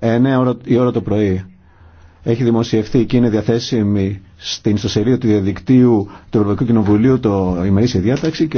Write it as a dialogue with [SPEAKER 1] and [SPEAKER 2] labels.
[SPEAKER 1] 9 η ώρα το πρωί. Έχει δημοσιευθεί και είναι διαθέσιμη στην ιστοσελίδα του διαδικτύου του Ευρωπαϊκού Κοινοβουλίου το ημερήσια διάταξη και